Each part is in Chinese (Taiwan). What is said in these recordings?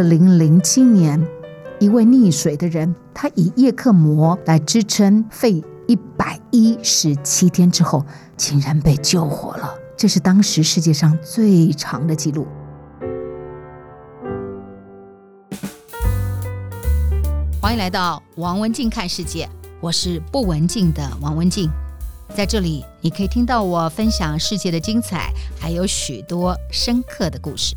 二零零七年，一位溺水的人，他以葉克膜來支撐，肺一百一十七天之後，竟然被救活了。這是當時世界上最長的記錄。歡迎來到王文靜看世界，我是不文靜的王文靜，在這裡你可以聽到我分享世界的精彩，還有許多深刻的故事。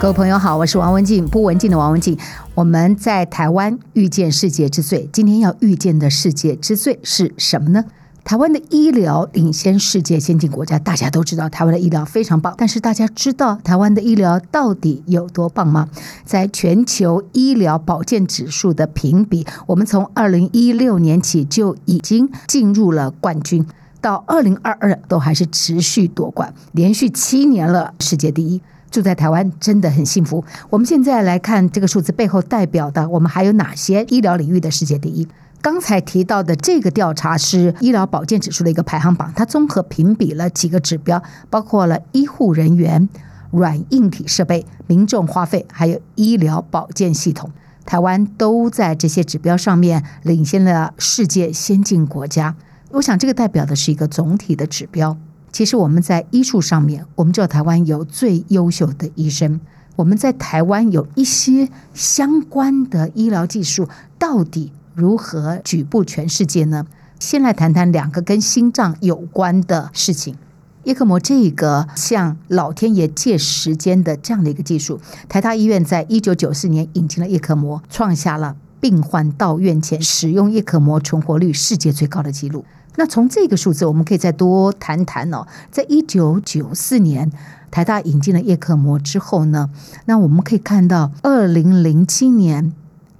各位朋友好，我是王文靜，不文靜的王文靜。我們在台灣遇見世界之最。今天要遇見的世界之最是什麼呢？台灣的醫療領先世界先進國家，大家都知道台灣的醫療非常棒，但是大家知道台灣的醫療到底有多棒嗎？在全球醫療保健指數的評比，我們從二零一六年起就已經進入了冠軍，到二零二二都還是持續奪冠，連續七年了，世界第一。住在台灣真的很幸福。我們現在來看這個數字背後代表的，我們還有哪些醫療領域的世界第一？剛才提到的這個調查是醫療保健指數的一個排行榜，它綜合評比了幾個指標，包括了醫護人員、軟硬體設備、民眾花費，還有醫療保健系統。台灣都在這些指標上面領先了世界先進國家。我想這個代表的是一個總體的指標。其實我們在醫術上面，我們知道台灣有最優秀的醫生，我們在台灣有一些相關的醫療技術，到底如何舉步全世界呢？先來談談兩個跟心臟有關的事情。葉克膜這個向老天爺借時間的這樣的一個技術，台大醫院在一九九四年引進了葉克膜，創下了病患到院前使用葉克膜存活率世界最高的紀錄。那從這個數字，我們可以再多談談哦。在一九九四年，台大引進了葉克膜之後呢，那我們可以看到，二零零七年，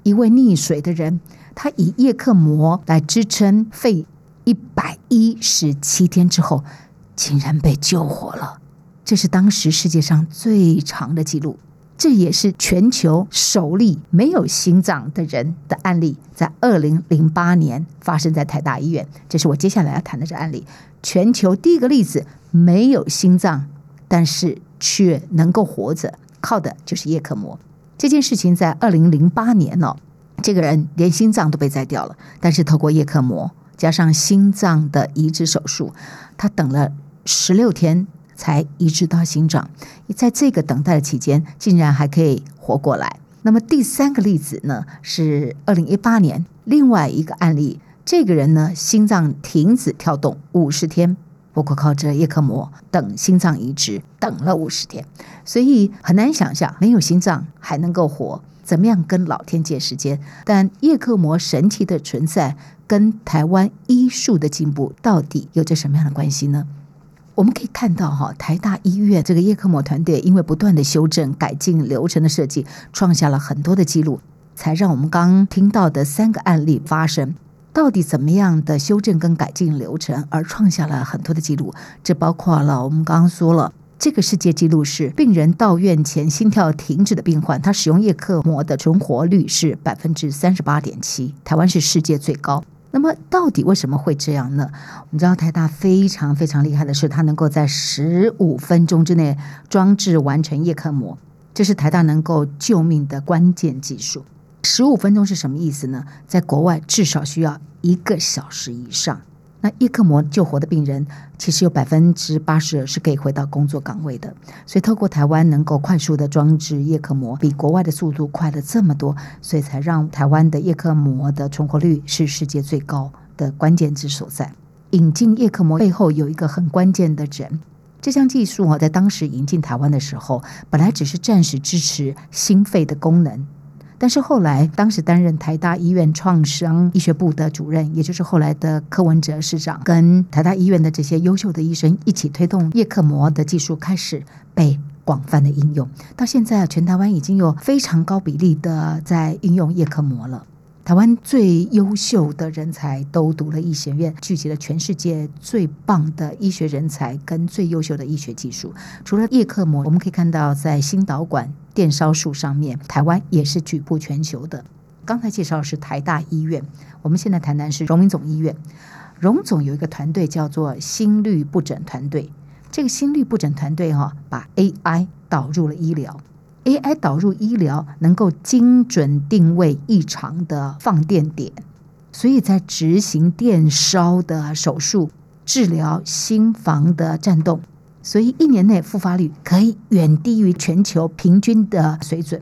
一位溺水的人，他以葉克膜來支撐，肺炎一百一十七天之後，竟然被救活了，這是當時世界上最長的紀錄。這也是全球首例沒有心臟的人的案例，在二零零八年發生在台大醫院。這是我接下來要談的這案例，全球第一個例子沒有心臟，但是卻能夠活着，靠的就是葉克膜，這件事情在二零零八年哦，這個人連心臟都被摘掉了，但是透過葉克膜加上心臟的移植手術，他等了十六天。才移植到心臟，在這個等待的期間，竟然還可以活過來。那麼第三個例子呢？是二零一八年另外一個案例，這個人呢，心臟停止跳動五十天，不過靠着葉克膜等心臟移植等了五十天，所以很難想象沒有心臟還能夠活，怎麼樣跟老天借時間？但葉克膜神奇的存在跟台灣醫術的進步到底有着什麼樣的關係呢？我們可以看到哈，台大醫院這個葉克膜團隊因為不斷的修正、改進流程的設計，創下了很多的記錄，才讓我們剛聽到的三個案例發生。到底怎麼樣的修正跟改進流程，而創下了很多的記錄？這包括了我們剛剛說了，這個世界紀錄是病人到院前心跳停止的病患，他使用葉克膜的存活率是百分之三十八點七，台灣是世界最高。那麼到底為什麼會這樣呢？我們知道台大非常非常厲害的是，它能夠在十五分鐘之內裝置完成葉克膜，這是台大能夠救命的關鍵技術。十五分鐘是什麼意思呢？在國外至少需要一個小時以上。那葉克膜救活的病人，其實有百分之八十是可以回到工作崗位的。所以透過台灣能夠快速的裝置葉克膜，比國外的速度快了這麼多，所以才讓台灣的葉克膜的存活率是世界最高的關鍵之所在。引進葉克膜背後有一個很關鍵的人，這項技術啊，在當時引進台灣的時候，本來只是暫時支持心肺的功能。但是後來，當時擔任台大醫院創傷醫學部的主任，也就是後來的柯文哲市長，跟台大醫院的這些優秀的醫生一起推動葉克膜的技術，開始被廣泛的應用。到現在，全台灣已經有非常高比例的在應用葉克膜了。台灣最優秀的人才都讀了醫學院，聚集了全世界最棒的醫學人才跟最優秀的醫學技術。除了葉克膜，我們可以看到在心導管。電燒術上面，台灣也是獨步全球的。剛才介紹的是台大醫院，我們現在談談的是榮民總醫院。榮總有一個團隊叫做心律不整團隊，這個心律不整團隊哦，把 AI 導入了醫療，AI 導入醫療能夠精準定位異常的放電點，所以在執行電燒的手術治療心房的顫動。所以一年內復發率可以遠低於全球平均的水準，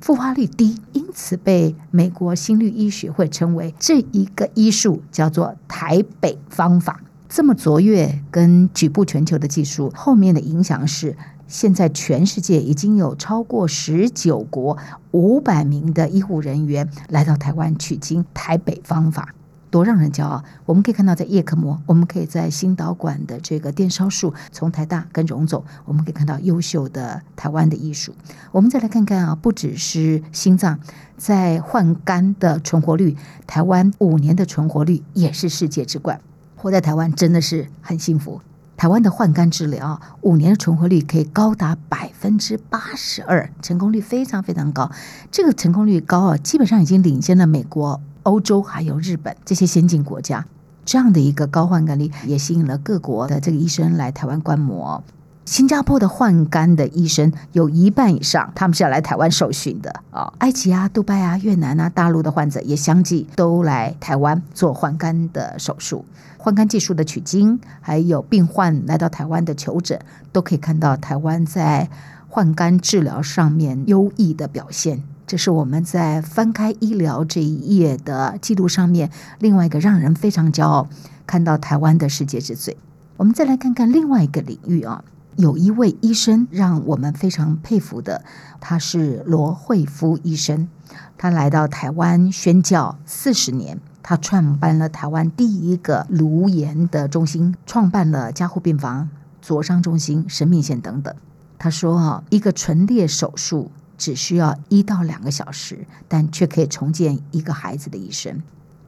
復發率低，因此被美國心律醫學會稱為這一個醫術叫做“台北方法”。這麼卓越跟獨步全球的技術，後面的影響是，現在全世界已經有超過十九國五百名的醫護人員來到台灣取經“台北方法”。多讓人驕傲！我們可以看到，在葉克膜，我們可以在心導管的這個電燒術，從台大跟榮總，我們可以看到優秀的台灣的醫術。我們再來看看啊，不只是心臟，在換肝的存活率，台灣五年的存活率也是世界之冠。活在台灣真的是很幸福。台灣的換肝治療，五年的存活率可以高達百分之八十二，成功率非常非常高。這個成功率高啊，基本上已經領先了美國。歐洲還有日本這些先進國家，這樣的一個高換肝率也吸引了各國的這個醫生來台灣觀摩。新加坡的換肝的醫生有一半以上，他們是要來台灣受訓的啊、哦。埃及啊、杜拜啊、越南啊、大陸的患者也相繼都來台灣做換肝的手術。換肝技術的取經，還有病患來到台灣的求診，都可以看到台灣在換肝治療上面優異的表現。這是我們在翻開醫療這一頁的記錄上面，另外一個讓人非常驕傲，看到台灣的世界之最。我們再來看看另外一個領域啊、哦，有一位醫生讓我們非常佩服的，他是羅慧夫醫生。他來到台灣宣教四十年，他創辦了台灣第一個顱顏的中心，創辦了加護病房、灼傷中心、生命線等等。他說、哦：“啊，一個唇裂手術。”只需要一到兩個小時，但卻可以重建一個孩子的一生。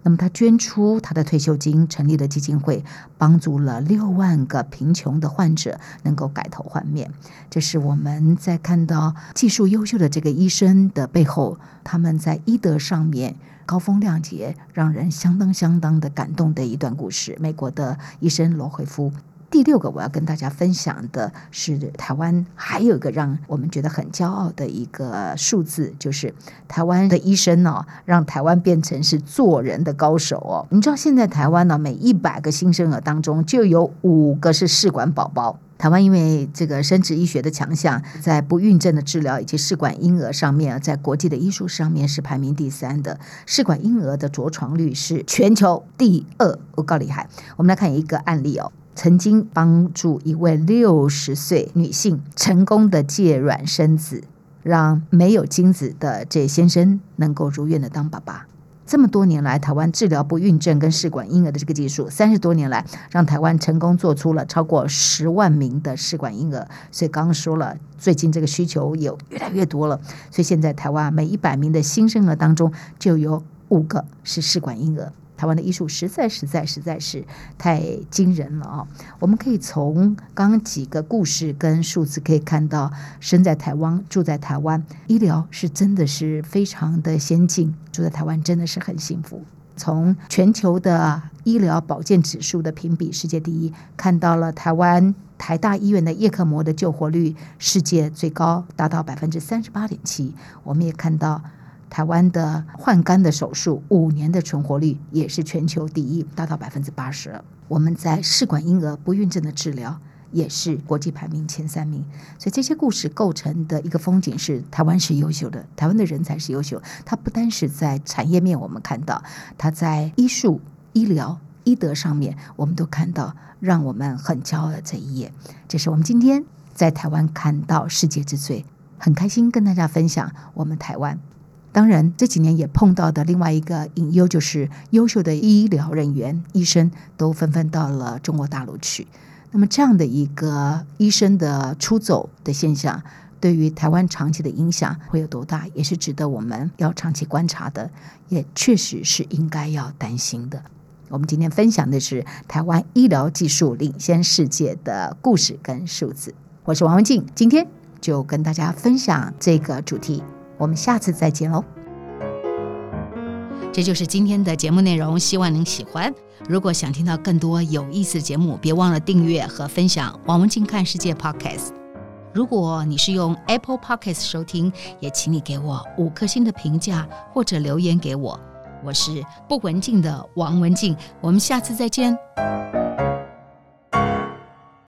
那麼，他捐出他的退休金，成立了基金會，幫助了六萬個貧窮的患者能夠改頭換面。這是我們在看到技術優秀的這個醫生的背後，他們在醫德上面高風亮節，讓人相當相當的感動的一段故事。美國的醫生羅慧夫。第六個我要跟大家分享的是台灣還有一個讓我們覺得很驕傲的一個數字，就是台灣的醫生哦，讓台灣變成是做人的高手哦。你知道現在台灣呢，每一百個新生兒當中就有五個是試管寶寶。台灣因為這個生殖醫學的強項，在不孕症的治療以及試管嬰兒上面，在國際的醫術上面是排名第三的。試管嬰兒的着床率是全球第二，我告訴你，厲害。我們來看一個案例哦。曾經幫助一位六十歲女性成功的借卵生子，讓沒有精子的這先生能夠如願的當爸爸。這麼多年來，台灣治療不孕症跟試管嬰兒的這個技術，三十多年來讓台灣成功做出了超過十萬名的試管嬰兒。所以剛剛說了，最近這個需求有越來越多了。所以現在台灣每一百名的新生兒當中就有五個是試管嬰兒。台灣的醫術實在、實在、實在是太驚人了啊、哦！我們可以從剛剛幾個故事跟數字可以看到，身在台灣、住在台灣，醫療是真的是非常的先進，住在台灣真的是很幸福。從全球的醫療保健指數的評比世界第一，看到了台灣台大醫院的葉克膜的救活率世界最高，達到百分之三十八點七。我們也看到。台灣的換肝的手術，五年的存活率也是全球第一，達到百分之八十。我們在試管嬰兒不孕症的治療也是國際排名前三名。所以這些故事構成的一個風景是，台灣是優秀的，台灣的人才是優秀。它不單是在產業面，我們看到它在醫術、醫療、醫德上面，我們都看到讓我們很驕傲的這一頁。這是我們今天在台灣看到世界之最，很開心跟大家分享我們台灣。當然，這幾年也碰到的另外一個隱憂就是，優秀的醫療人員、醫生都紛紛到了中國大陸去。那麼，這樣的一個醫生的出走的現象，對於台灣長期的影響會有多大，也是值得我們要長期觀察的，也確實是應該要擔心的。我們今天分享的是台灣醫療技術領先世界的故事跟數字。我是王文靜，今天就跟大家分享這個主題。我們下次再見嘍！這就是今天的節目內容，希望您喜歡。如果想聽到更多有意思的節目，別忘了訂閱和分享王文靜看世界 Podcast。如果你是用 Apple Podcast 收聽，也請你給我五顆星的評價或者留言給我。我是不文靜的王文靜，我們下次再見。